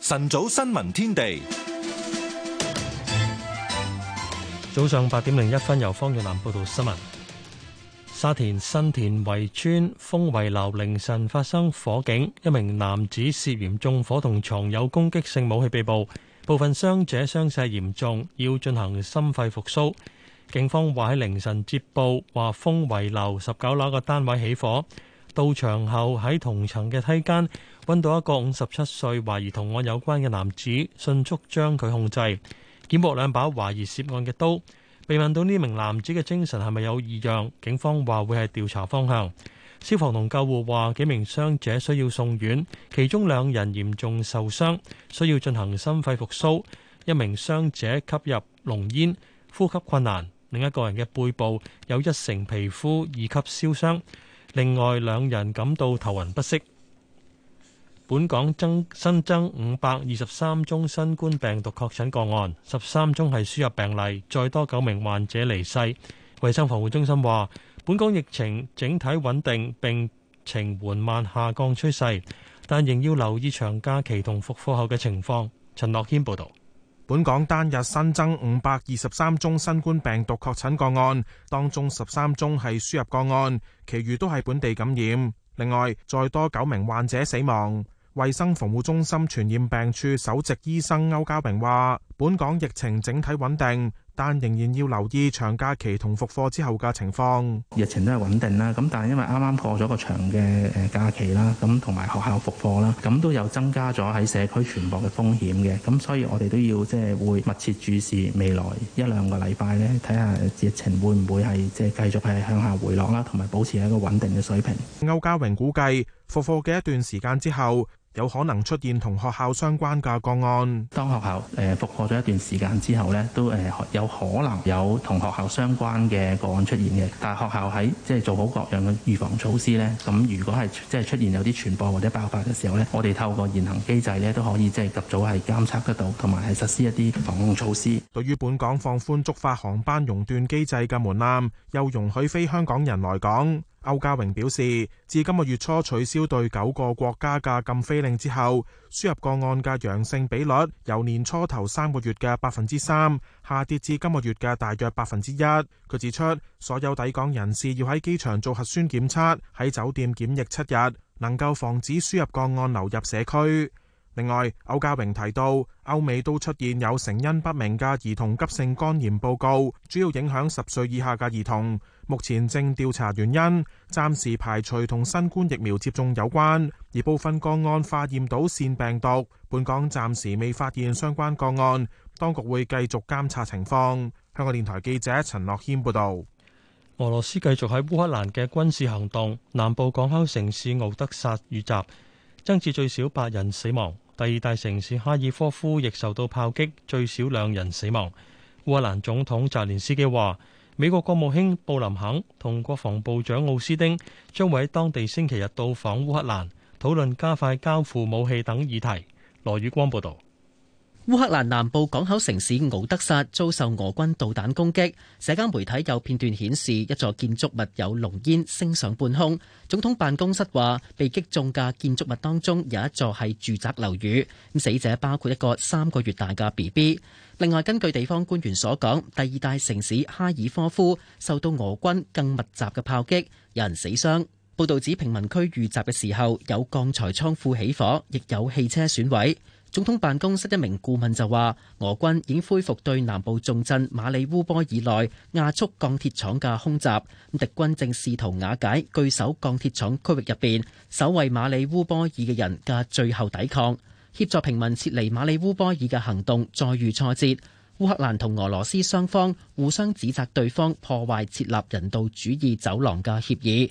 晨早新聞天地，早上八點零一分由方若楠報道新聞：沙田新田圍村豐圍樓凌晨發生火警，一名男子涉嫌縱火同藏有攻擊性武器被捕，部分傷者傷勢嚴重，要進行心肺復蘇。警方話喺凌晨接報，話豐圍樓十九樓嘅單位起火，到場後喺同層嘅梯間。搵到一個五十七歲懷疑同案有關嘅男子，迅速將佢控制，檢獲兩把懷疑涉案嘅刀。被問到呢名男子嘅精神係咪有異樣，警方話會係調查方向。消防同救護話幾名傷者需要送院，其中兩人嚴重受傷，需要進行心肺復甦。一名傷者吸入濃煙，呼吸困難；另一個人嘅背部有一成皮膚二級燒傷。另外兩人感到頭暈不適。本港增新增五百二十三宗新冠病毒確診個案，十三宗係輸入病例，再多九名患者離世。衞生防護中心話，本港疫情整體穩定，病情緩慢下降趨勢，但仍要留意長假期同復課後嘅情況。陳樂謙報道，本港單日新增五百二十三宗新冠病毒確診個案，當中十三宗係輸入個案，其餘都係本地感染。另外，再多九名患者死亡。衛生防護中心傳染病處首席醫生歐家榮話，本港疫情整體穩定，但仍然要留意長假期同復課之後嘅情況。疫情都係穩定啦，咁但係因為啱啱過咗個長嘅誒假期啦，咁同埋學校復課啦，咁都有增加咗喺社區傳播嘅風險嘅。咁所以我哋都要即係會密切注視未來一兩個禮拜咧，睇下疫情會唔會係即係繼續係向下回落啦，同埋保持一個穩定嘅水平。歐家榮估計復課嘅一段時間之後。有可能出現同學校相關嘅個案。當學校誒復課咗一段時間之後咧，都誒有可能有同學校相關嘅個案出現嘅。但係學校喺即係做好各樣嘅預防措施呢，咁如果係即係出現有啲傳播或者爆發嘅時候呢，我哋透過現行機制呢，都可以即係及早係監測得到，同埋係實施一啲防控措施。對於本港放寬觸發航班熔斷機制嘅門檻，又容許非香港人來港。歐家榮表示，自今個月初取消對九個國家嘅禁飛令之後，輸入個案嘅陽性比率由年初頭三個月嘅百分之三，下跌至今個月嘅大約百分之一。佢指出，所有抵港人士要喺機場做核酸檢測，喺酒店檢疫七日，能夠防止輸入個案流入社區。另外，歐家榮提到，歐美都出現有成因不明嘅兒童急性肝炎報告，主要影響十歲以下嘅兒童。目前正調查原因，暫時排除同新冠疫苗接種有關，而部分個案化驗到腺病毒。本港暫時未發現相關個案，當局會繼續監察情況。香港電台記者陳樂軒報導。俄羅斯繼續喺烏克蘭嘅軍事行動，南部港口城市敖德薩遇襲，增至最少八人死亡；第二大城市哈爾科夫亦受到炮擊，最少兩人死亡。烏克蘭總統澤連斯基話。美國國務卿布林肯同國防部長奧斯丁將會喺當地星期日到訪烏克蘭，討論加快交付武器等議題。羅宇光報導。烏克蘭南部港口城市奧德薩遭受俄軍導彈攻擊，社交媒體有片段顯示一座建築物有濃煙升上半空。總統辦公室話，被擊中嘅建築物當中有一座係住宅樓宇，咁死者包括一個三個月大嘅 BB。另外，根據地方官員所講，第二大城市哈爾科夫受到俄軍更密集嘅炮擊，有人死傷。報道指，平民區遇襲嘅時候有鋼材倉庫起火，亦有汽車損毀。總統辦公室一名顧問就話：俄軍已經恢復對南部重鎮馬里烏波爾內亞速鋼鐵廠嘅空襲，咁敵軍正試圖瓦解據守鋼鐵廠區域入邊守衛馬里烏波爾嘅人嘅最後抵抗，協助平民撤離馬里烏波爾嘅行動再遇挫折。烏克蘭同俄羅斯雙方互相指責對方破壞設立人道主義走廊嘅協議。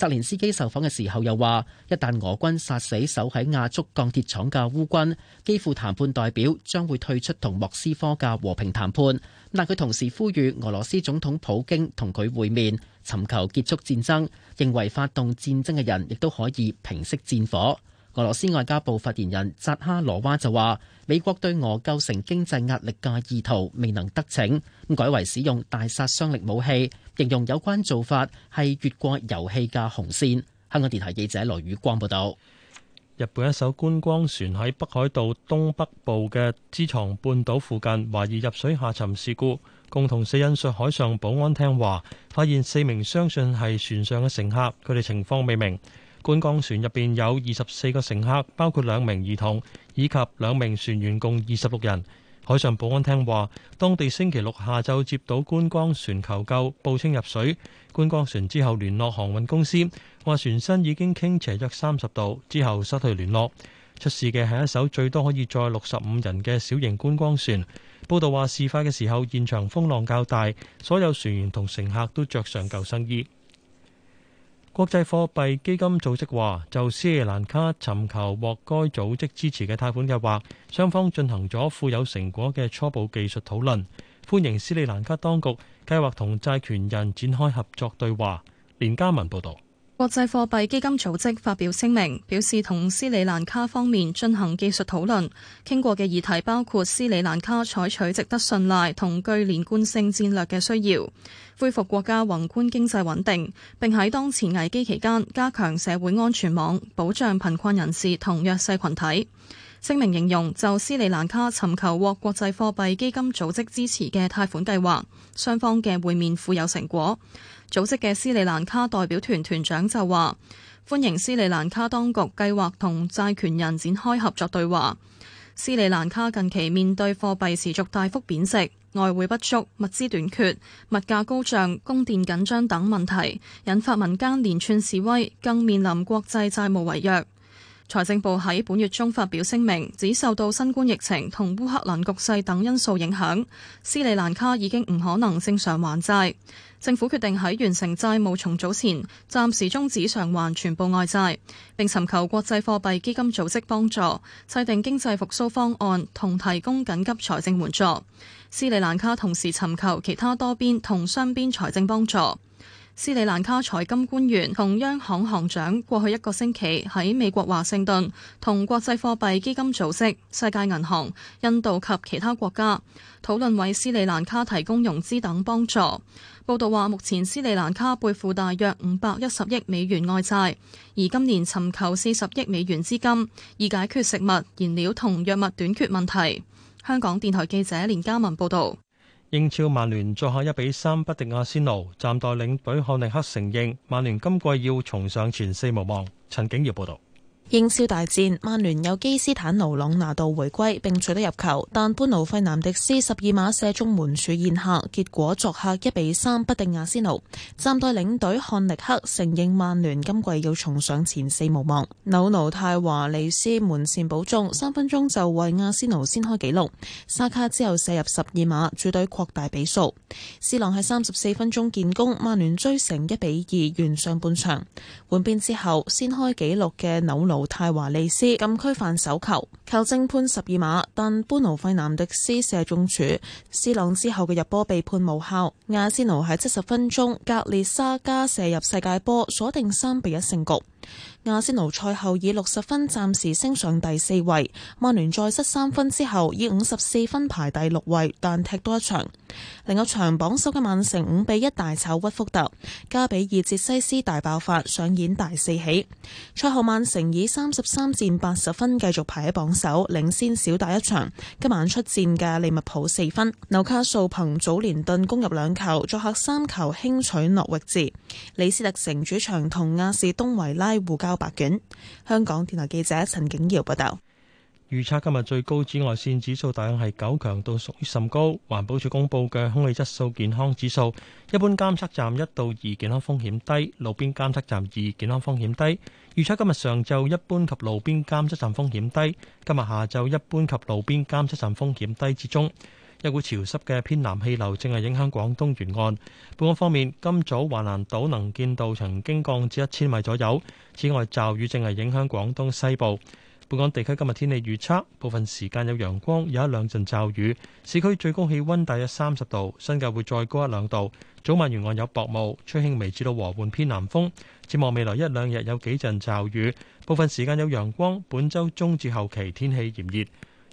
澤連斯基受訪嘅時候又話：一旦俄軍殺死守喺亞速鋼鐵廠嘅烏軍，基輔談判代表將會退出同莫斯科嘅和平談判。但佢同時呼籲俄羅斯總統普京同佢會面，尋求結束戰爭，認為發動戰爭嘅人亦都可以平息戰火。俄羅斯外交部發言人扎哈羅娃就話：美國對俄構成經濟壓力嘅意圖未能得逞，改為使用大殺傷力武器，形容有關做法係越過遊戲嘅紅線。香港電台記者羅宇光報道。日本一艘觀光船喺北海道東北部嘅知床半島附近懷疑入水下沉事故，共同社引述海上保安廳話發現四名相信係船上嘅乘客，佢哋情況未明。觀光船入邊有二十四個乘客，包括兩名兒童以及兩名船員，共二十六人。海上保安廳話，當地星期六下晝接到觀光船求救，報稱入水。觀光船之後聯絡航運公司，話船身已經傾斜約三十度，之後失去聯絡。出事嘅係一艘最多可以載六十五人嘅小型觀光船。報道話，事發嘅時候現場風浪較大，所有船員同乘客都着上救生衣。國際貨幣基金組織話，就斯里蘭卡尋求獲該組織支持嘅貸款計劃，雙方進行咗富有成果嘅初步技術討論，歡迎斯里蘭卡當局計劃同債權人展開合作對話。連嘉文報導。國際貨幣基金組織發表聲明，表示同斯里蘭卡方面進行技術討論，傾過嘅議題包括斯里蘭卡採取值得信賴同具連貫性戰略嘅需要，恢復國家宏觀經濟穩定，並喺當前危機期間加強社會安全網，保障貧困人士同弱勢群體。聲明形容就斯里蘭卡尋求獲國際貨幣基金組織支持嘅貸款計劃，雙方嘅會面富有成果。組織嘅斯里蘭卡代表團團長就話：歡迎斯里蘭卡當局計劃同債權人展開合作對話。斯里蘭卡近期面對貨幣持續大幅貶值、外匯不足、物資短缺、物價高漲、供電緊張等問題，引發民間連串示威，更面臨國際債務違約。財政部喺本月中發表聲明，指受到新冠疫情同烏克蘭局勢等因素影響，斯里蘭卡已經唔可能正常還債。政府決定喺完成債務重組前，暫時終止償還全部外債，並尋求國際貨幣基金組織幫助，制定經濟復甦方案同提供緊急財政援助。斯里蘭卡同時尋求其他多邊同雙邊財政幫助。斯里蘭卡財金官員同央行行長過去一個星期喺美國華盛頓同國際貨幣基金組織、世界銀行、印度及其他國家討論為斯里蘭卡提供融資等幫助。報道話，目前斯里蘭卡背負，負大約五百一十億美元外債，而今年尋求四十億美元資金以解決食物、燃料同藥物短缺問題。香港電台記者連嘉文報導。英超曼聯作客一比三不敵阿仙奴，暫代領隊漢尼克承認曼聯今季要重上前四無望。陳景耀報道。英超大戰，曼聯有基斯坦奴朗拿度回歸並取得入球，但班奴費南迪斯十二碼射中門柱現客，結果作客一比三不敵阿仙奴。暫代領隊漢力克承認曼聯今季要重上前四無望。紐奴泰華利斯門前保中，三分鐘就為阿仙奴先開紀錄。沙卡之後射入十二碼，主隊擴大比數。斯朗喺三十四分鐘建功，曼聯追成一比二完上半場。換邊之後，先開紀錄嘅紐奴。泰華利斯禁區犯手球，球證判十二碼，但般奴費南迪斯射中柱。斯朗之後嘅入波被判無效。亞斯奴喺七十分鐘格列沙加射入世界波，鎖定三比一勝局。亞仙奴賽後以六十分暫時升上第四位，曼聯再失三分之後以五十四分排第六位，但踢多一場。另外場榜首嘅曼城五比一大炒屈福特，加比爾捷西斯大爆發上演大四喜。賽後曼城以三十三戰八十分繼續排喺榜首，領先少打一場。今晚出戰嘅利物浦四分紐卡素憑祖連頓攻入兩球，作客三球輕取諾域治。李斯特城主場同亞士東維拉。護膠白卷，香港電台記者陳景瑤報道。預測今日最高紫外綫指數大約係九強度，屬於甚高。環保署公布嘅空氣質素健康指數，一般監測站一到二健康風險低，路邊監測站二健康風險低。預測今日上晝一般及路邊監測站風險低，今日下晝一般及路邊監測站風險低至中。一股潮濕嘅偏南氣流正係影響廣東沿岸。本港方面，今早華南島能見度曾經降至一千米左右。此外，驟雨正係影響廣東西部。本港地區今日天氣預測，部分時間有陽光，有一兩陣驟雨。市區最高氣温大約三十度，新界會再高一兩度。早晚沿岸有薄霧，吹輕微至到和緩偏南風。展望未來一兩日有幾陣驟雨，部分時間有陽光。本週中至後期天氣炎熱。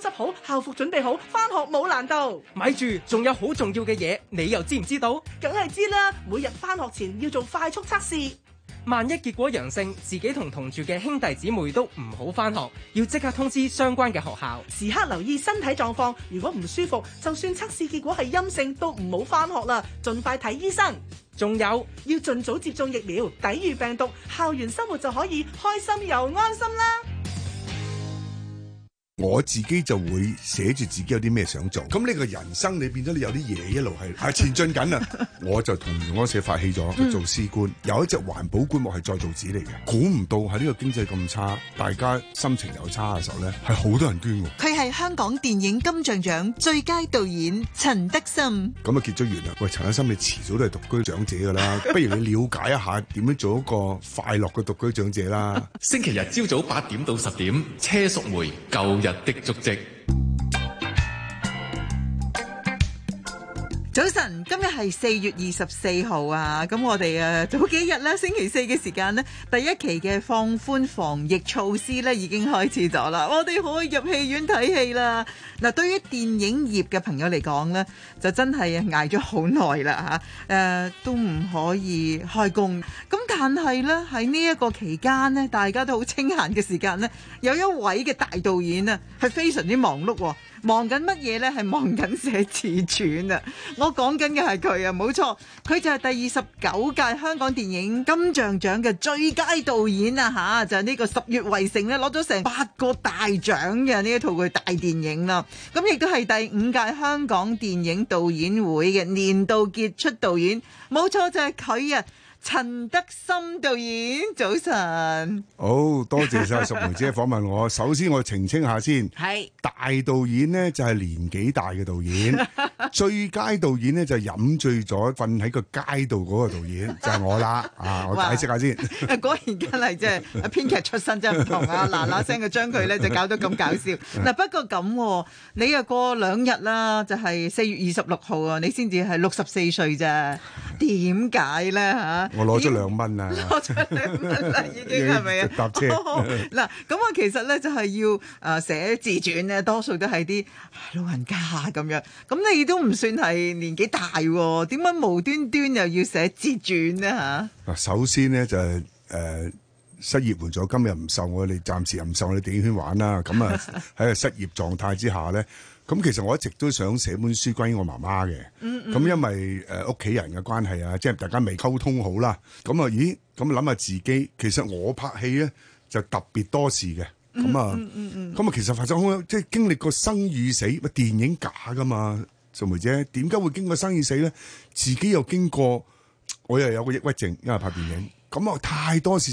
執好校服，準備好翻學冇難度。咪住，仲有好重要嘅嘢，你又知唔知道？梗係知啦！每日翻學前要做快速測試，萬一結果陽性，自己同同住嘅兄弟姊妹都唔好翻學，要即刻通知相關嘅學校。時刻留意身體狀況，如果唔舒服，就算測試結果係陰性都唔好翻學啦，盡快睇醫生。仲有要盡早接種疫苗，抵禦病毒，校園生活就可以開心又安心啦。我自己就會寫住自己有啲咩想做，咁呢個人生你變咗你有啲嘢一路係，係前進緊啊！ 我就同安社發起咗做司官。嗯、有一隻環保棺木係再造紙嚟嘅，估唔到喺呢個經濟咁差、大家心情又差嘅時候咧，係好多人捐㗎。佢係香港電影金像獎最佳導演陳德森。咁啊 結咗完啦，喂，陳德森你遲早都係獨居長者㗎啦，不如你了解一下點樣做一個快樂嘅獨居長者啦。 星期日朝早八點到十點車淑梅舊日的足跡。早晨，今日係四月二十四號啊！咁我哋啊早幾日咧，星期四嘅時間呢，第一期嘅放寬防疫措施咧，已經開始咗啦。我哋可以入戲院睇戲啦。嗱，對於電影業嘅朋友嚟講呢，就真係捱咗好耐啦吓，誒、呃、都唔可以開工。咁但係呢，喺呢一個期間呢，大家都好清閒嘅時間呢，有一位嘅大導演啊係非常之忙碌。忙緊乜嘢呢？係忙緊寫自傳啊！我講緊嘅係佢啊，冇錯，佢就係第二十九屆香港電影金像獎嘅最佳導演啊！吓、啊，就係、是、呢、這個《十月圍城》咧，攞咗成八個大獎嘅呢一套佢大電影啦、啊。咁、啊、亦都係第五屆香港電影導演會嘅年度傑出導演，冇錯就係、是、佢啊！陳德森導演，早晨，好多謝晒淑梅姐訪問我。首先我澄清下先，係大導演咧就係年紀大嘅導演，最佳導演咧就飲醉咗瞓喺個街度嗰個導演就係我啦。啊，我解釋下先。果然真係即係啊，編劇出身真係唔同啊，嗱嗱聲嘅將佢咧就搞到咁搞笑。嗱，不過咁你又過兩日啦，就係四月二十六號啊，你先至係六十四歲咋？點解咧吓？我攞咗兩蚊啦，攞咗兩蚊啦，已經係咪啊？搭 要車嗱，咁我、 哦、其實咧就係要誒寫自傳咧，多數都係啲老人家咁樣。咁你都唔算係年紀大喎，點解無端端又要寫自傳咧？嚇！嗱，首先咧就係、是、誒。呃失業換咗，今日唔受我哋，暫時唔受我哋電影圈玩啦。咁啊喺個 失業狀態之下咧，咁其實我一直都想寫本書關於我媽媽嘅。咁、嗯嗯、因為誒屋企人嘅關係啊，即係大家未溝通好啦。咁啊，咦？咁諗下自己，其實我拍戲咧就特別多事嘅。咁啊，咁啊、嗯嗯嗯，其實發生即係經歷過生與死。咪電影假㗎嘛，做梅姐點解會經過生與死咧？自己又經過，我又有個抑鬱症，因為拍電影，咁啊太多事。